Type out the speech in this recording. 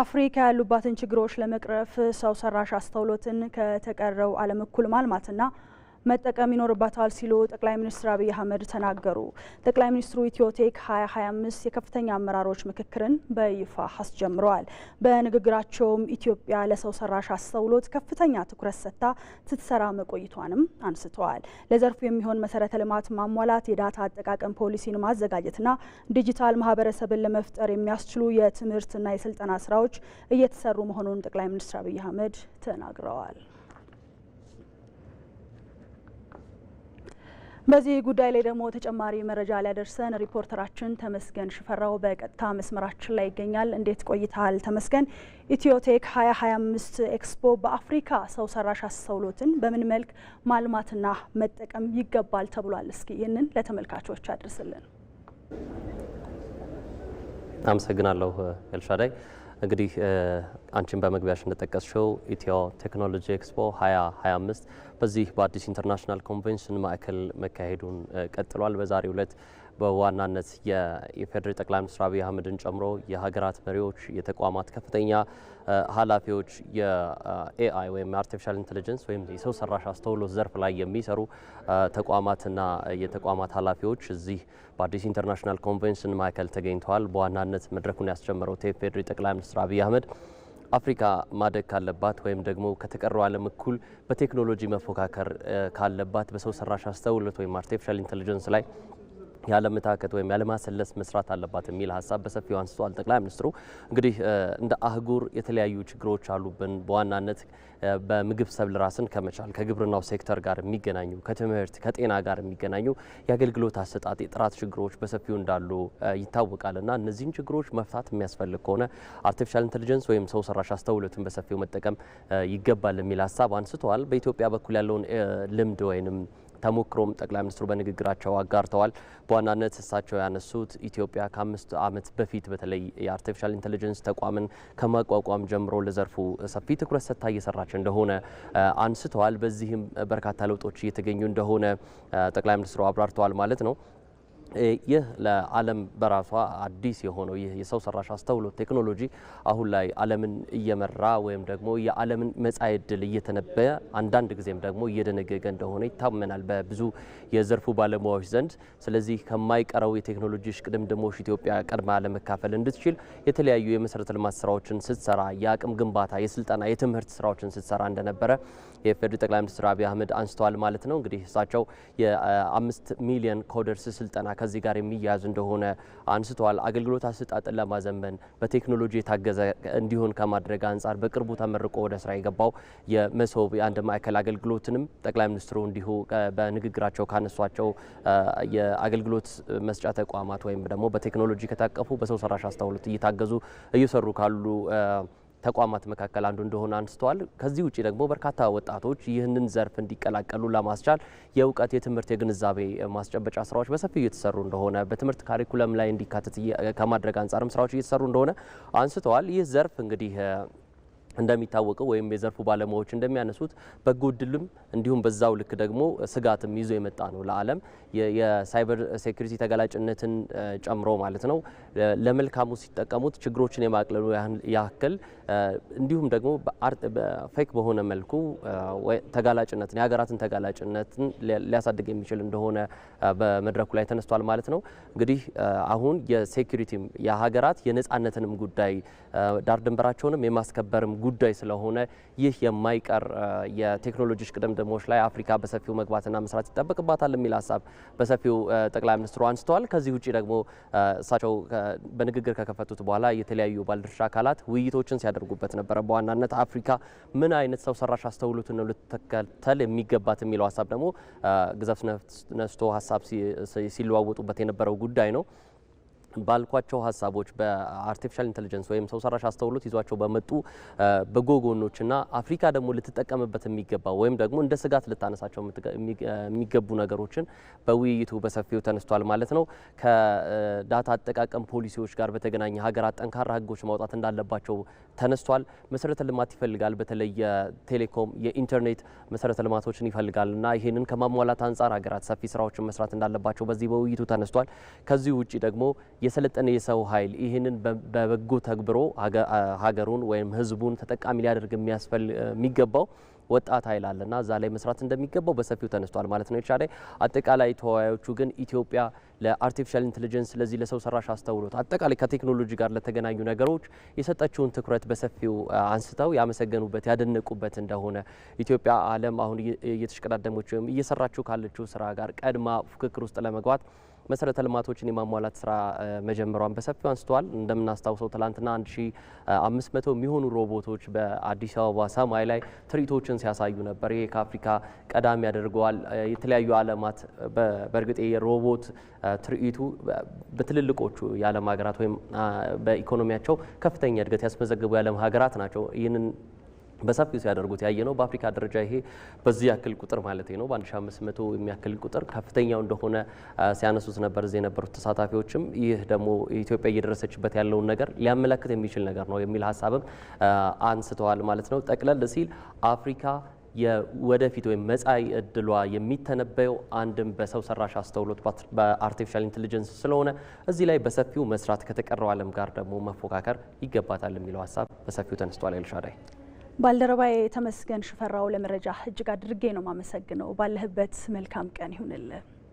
አፍሪካ ያሉባትን ችግሮች ለመቅረፍ ሰው ሰራሽ አስተውሎትን ከተቀረው ዓለም እኩል ማልማትና መጠቀም ይኖርባታል ሲሉ ጠቅላይ ሚኒስትር አብይ አህመድ ተናገሩ። ጠቅላይ ሚኒስትሩ ኢትዮቴክ 2025 የከፍተኛ አመራሮች ምክክርን በይፋ አስጀምረዋል። በንግግራቸውም ኢትዮጵያ ለሰው ሰራሽ አስተውሎት ከፍተኛ ትኩረት ሰጥታ ስትሰራ መቆይቷንም አንስተዋል። ለዘርፉ የሚሆን መሰረተ ልማት ማሟላት፣ የዳታ አጠቃቀም ፖሊሲን ማዘጋጀትና ዲጂታል ማህበረሰብን ለመፍጠር የሚያስችሉ የትምህርትና የስልጠና ስራዎች እየተሰሩ መሆኑን ጠቅላይ ሚኒስትር አብይ አህመድ ተናግረዋል። በዚህ ጉዳይ ላይ ደግሞ ተጨማሪ መረጃ ሊያደርሰን ሪፖርተራችን ተመስገን ሽፈራው በቀጥታ መስመራችን ላይ ይገኛል። እንዴት ቆይተሃል ተመስገን? ኢትዮቴክ 2025 ኤክስፖ በአፍሪካ ሰው ሰራሽ አስተውሎትን በምን መልክ ማልማትና መጠቀም ይገባል ተብሏል? እስኪ ይህንን ለተመልካቾች አድርስልን። አመሰግናለሁ ኤልሻዳይ። እንግዲህ አንቺን በመግቢያሽ እንደጠቀስሽው ኢትዮ ቴክኖሎጂ ኤክስፖ 2025 በዚህ በአዲስ ኢንተርናሽናል ኮንቬንሽን ማዕከል መካሄዱን ቀጥሏል። በዛሬው ዕለት በዋናነት የኢፌዴሪ ጠቅላይ ሚኒስትር አብይ አህመድን ጨምሮ የሀገራት መሪዎች፣ የተቋማት ከፍተኛ ኃላፊዎች የኤአይ ወይም የአርቲፊሻል ኢንቴሊጀንስ ወይም የሰው ሰራሽ አስተውሎት ዘርፍ ላይ የሚሰሩ ተቋማትና የተቋማት ኃላፊዎች እዚህ በአዲስ ኢንተርናሽናል ኮንቬንሽን ማዕከል ተገኝተዋል። በዋናነት መድረኩን ያስጀመረው የኢፌዴሪ ጠቅላይ ሚኒስትር አብይ አህመድ አፍሪካ ማደግ ካለባት ወይም ደግሞ ከተቀረው ዓለም እኩል በቴክኖሎጂ መፎካከር ካለባት በሰው ሰራሽ አስተውሎት ወይም አርቲፊሻል ኢንቴሊጀንስ ላይ ያለመታከት ወይም ያለማሰለስ መስራት አለባት የሚል ሀሳብ በሰፊው አንስቷል ጠቅላይ ሚኒስትሩ። እንግዲህ እንደ አህጉር የተለያዩ ችግሮች አሉብን። በዋናነት በምግብ ሰብል ራስን ከመቻል ከግብርናው ሴክተር ጋር የሚገናኙ ከትምህርት ከጤና ጋር የሚገናኙ የአገልግሎት አሰጣጥ የጥራት ችግሮች በሰፊው እንዳሉ ይታወቃል እና እነዚህን ችግሮች መፍታት የሚያስፈልግ ከሆነ አርቲፊሻል ኢንቴሊጀንስ ወይም ሰው ሰራሽ አስተውሎትን በሰፊው መጠቀም ይገባል የሚል ሀሳብ አንስተዋል። በኢትዮጵያ በኩል ያለውን ልምድ ወይም ተሞክሮም ጠቅላይ ሚኒስትሩ በንግግራቸው አጋርተዋል። በዋናነት እሳቸው ያነሱት ኢትዮጵያ ከአምስት ዓመት በፊት በተለይ የአርቲፊሻል ኢንቴሊጀንስ ተቋምን ከማቋቋም ጀምሮ ለዘርፉ ሰፊ ትኩረት ሰጥታ እየሰራች እንደሆነ አንስተዋል። በዚህም በርካታ ለውጦች እየተገኙ እንደሆነ ጠቅላይ ሚኒስትሩ አብራርተዋል ማለት ነው። ይህ ለዓለም በራሷ አዲስ የሆነው ይህ የሰው ሰራሽ አስተውሎት ቴክኖሎጂ አሁን ላይ ዓለምን እየመራ ወይም ደግሞ የዓለምን መጻኢ ዕድል እየተነበየ አንዳንድ ጊዜም ደግሞ እየደነገገ እንደሆነ ይታመናል በብዙ የዘርፉ ባለሙያዎች ዘንድ። ስለዚህ ከማይቀረው የቴክኖሎጂ እሽቅድምድሞች ኢትዮጵያ ቀድማ ለመካፈል እንድትችል የተለያዩ የመሰረተ ልማት ስራዎችን ስትሰራ፣ የአቅም ግንባታ፣ የስልጠና፣ የትምህርት ስራዎችን ስትሰራ እንደነበረ የፌዴሪ ጠቅላይ ሚኒስትር አብይ አህመድ አንስተዋል ማለት ነው። እንግዲህ እሳቸው የአምስት ሚሊዮን ኮደርስ ስልጠና ከዚህ ጋር የሚያያዝ እንደሆነ አንስተዋል። አገልግሎት አሰጣጥን ለማዘመን በቴክኖሎጂ የታገዘ እንዲሆን ከማድረግ አንጻር በቅርቡ ተመርቆ ወደ ስራ የገባው የመሶብ የአንድ ማዕከል አገልግሎትንም ጠቅላይ ሚኒስትሩ እንዲሁ በንግግራቸው ካነሷቸው የአገልግሎት መስጫ ተቋማት ወይም ደግሞ በቴክኖሎጂ ከታቀፉ በሰው ሰራሽ አስተውሎት እየታገዙ እየሰሩ ካሉ ተቋማት መካከል አንዱ እንደሆነ አንስተዋል። ከዚህ ውጭ ደግሞ በርካታ ወጣቶች ይህንን ዘርፍ እንዲቀላቀሉ ለማስቻል የእውቀት፣ የትምህርት፣ የግንዛቤ ማስጨበጫ ስራዎች በሰፊው እየተሰሩ እንደሆነ በትምህርት ካሪኩለም ላይ እንዲካተት ከማድረግ አንጻርም ስራዎች እየተሰሩ እንደሆነ አንስተዋል። ይህ ዘርፍ እንግዲህ እንደሚታወቀው ወይም የዘርፉ ባለሙያዎች እንደሚያነሱት በጎ እድልም እንዲሁም በዛው ልክ ደግሞ ስጋትም ይዞ የመጣ ነው። ለዓለም የሳይበር ሴኩሪቲ ተጋላጭነትን ጨምሮ ማለት ነው። ለመልካሙ ሲጠቀሙት ችግሮችን የማቅለሉ ያክል እንዲሁም ደግሞ ፌክ በሆነ መልኩ ተጋላጭነትን የሀገራትን ተጋላጭነትን ሊያሳድግ የሚችል እንደሆነ በመድረኩ ላይ ተነስቷል ማለት ነው። እንግዲህ አሁን የሴኩሪቲም የሀገራት የነጻነትንም ጉዳይ ዳር ድንበራቸውንም የማስከበርም ጉዳይ ስለሆነ ይህ የማይቀር የቴክኖሎጂዎች ቅድምድሞች ላይ አፍሪካ በሰፊው መግባትና መስራት ይጠበቅባታል የሚል ሀሳብ በሰፊው ጠቅላይ ሚኒስትሩ አንስተዋል። ከዚህ ውጭ ደግሞ እሳቸው በንግግር ከከፈቱት በኋላ የተለያዩ ባለድርሻ አካላት ውይይቶችን ሲያደርጉበት ነበረ። በዋናነት አፍሪካ ምን አይነት ሰው ሰራሽ አስተውሎትን ነው ልትከተል የሚገባት የሚለው ሀሳብ ደግሞ ግዘፍ ነስቶ ሀሳብ ሲለዋወጡበት የነበረው ጉዳይ ነው። ባልኳቸው ሀሳቦች በአርቲፊሻል ኢንቴሊጀንስ ወይም ሰው ሰራሽ አስተውሎት ይዟቸው በመጡ በጎ ጎኖችና አፍሪካ ደግሞ ልትጠቀምበት የሚገባ ወይም ደግሞ እንደ ስጋት ልታነሳቸው የሚገቡ ነገሮችን በውይይቱ በሰፊው ተነስቷል ማለት ነው። ከዳታ አጠቃቀም ፖሊሲዎች ጋር በተገናኘ ሀገራት ጠንካራ ሕጎች ማውጣት እንዳለባቸው ተነስቷል። መሰረተ ልማት ይፈልጋል። በተለይ የቴሌኮም የኢንተርኔት መሰረተ ልማቶችን ይፈልጋል እና ይህንን ከማሟላት አንጻር ሀገራት ሰፊ ስራዎችን መስራት እንዳለባቸው በዚህ በውይይቱ ተነስቷል። ከዚህ ውጭ ደግሞ የሰለጠነ የሰው ኃይል ይህንን በበጎ ተግብሮ ሀገሩን ወይም ህዝቡን ተጠቃሚ ሊያደርግ የሚገባው ወጣት ኃይል አለና እዛ ላይ መስራት እንደሚገባው በሰፊው ተነስቷል ማለት ነው። የቻለ አጠቃላይ ተወያዮቹ ግን ኢትዮጵያ ለአርቲፊሻል ኢንቴሊጀንስ ለዚህ ለሰው ሰራሽ አስተውሎት አጠቃላይ ከቴክኖሎጂ ጋር ለተገናኙ ነገሮች የሰጠችውን ትኩረት በሰፊው አንስተው ያመሰገኑበት ያደነቁበት እንደሆነ ኢትዮጵያ ዓለም አሁን እየተሽቀዳደመች ወይም እየሰራችው ካለችው ስራ ጋር ቀድማ ፉክክር ውስጥ ለመግባት መሰረተ ልማቶችን የማሟላት ስራ መጀመሯን በሰፊው አንስተዋል። እንደምናስታውሰው ትላንትና 1500 የሚሆኑ ሮቦቶች በአዲስ አበባ ሰማይ ላይ ትርኢቶችን ውጤቶችን ሲያሳዩ ነበር። ይሄ ከአፍሪካ ቀዳሚ ያደርገዋል። የተለያዩ ዓለማት በእርግጥ የሮቦት ትርኢቱ በትልልቆቹ የዓለም ሀገራት ወይም በኢኮኖሚያቸው ከፍተኛ እድገት ያስመዘገቡ የዓለም ሀገራት ናቸው። ይህንን በሰፊው ሲያደርጉት ያየ ነው። በአፍሪካ ደረጃ ይሄ በዚህ ያክል ቁጥር ማለት ነው በ1500 የሚያክል ቁጥር ከፍተኛው እንደሆነ ሲያነሱት ነበር እዚህ የነበሩት ተሳታፊዎችም። ይህ ደግሞ ኢትዮጵያ እየደረሰችበት ያለውን ነገር ሊያመለክት የሚችል ነገር ነው የሚል ሀሳብም አንስተዋል ማለት ነው። ጠቅለል ሲል አፍሪካ የወደፊት ወይም መጻኢ እድሏ የሚተነበየው አንድም በሰው ሰራሽ አስተውሎት በአርቲፊሻል ኢንቴሊጀንስ ስለሆነ እዚህ ላይ በሰፊው መስራት ከተቀረው ዓለም ጋር ደግሞ መፎካከር ይገባታል የሚለው ሀሳብ በሰፊው ተነስቷል። ኤልሻዳይ ባልደረባዬ የተመስገን ሽፈራው ለመረጃ እጅግ አድርጌ ነው ማመሰግነው። ባለህበት መልካም ቀን ይሁንልህ።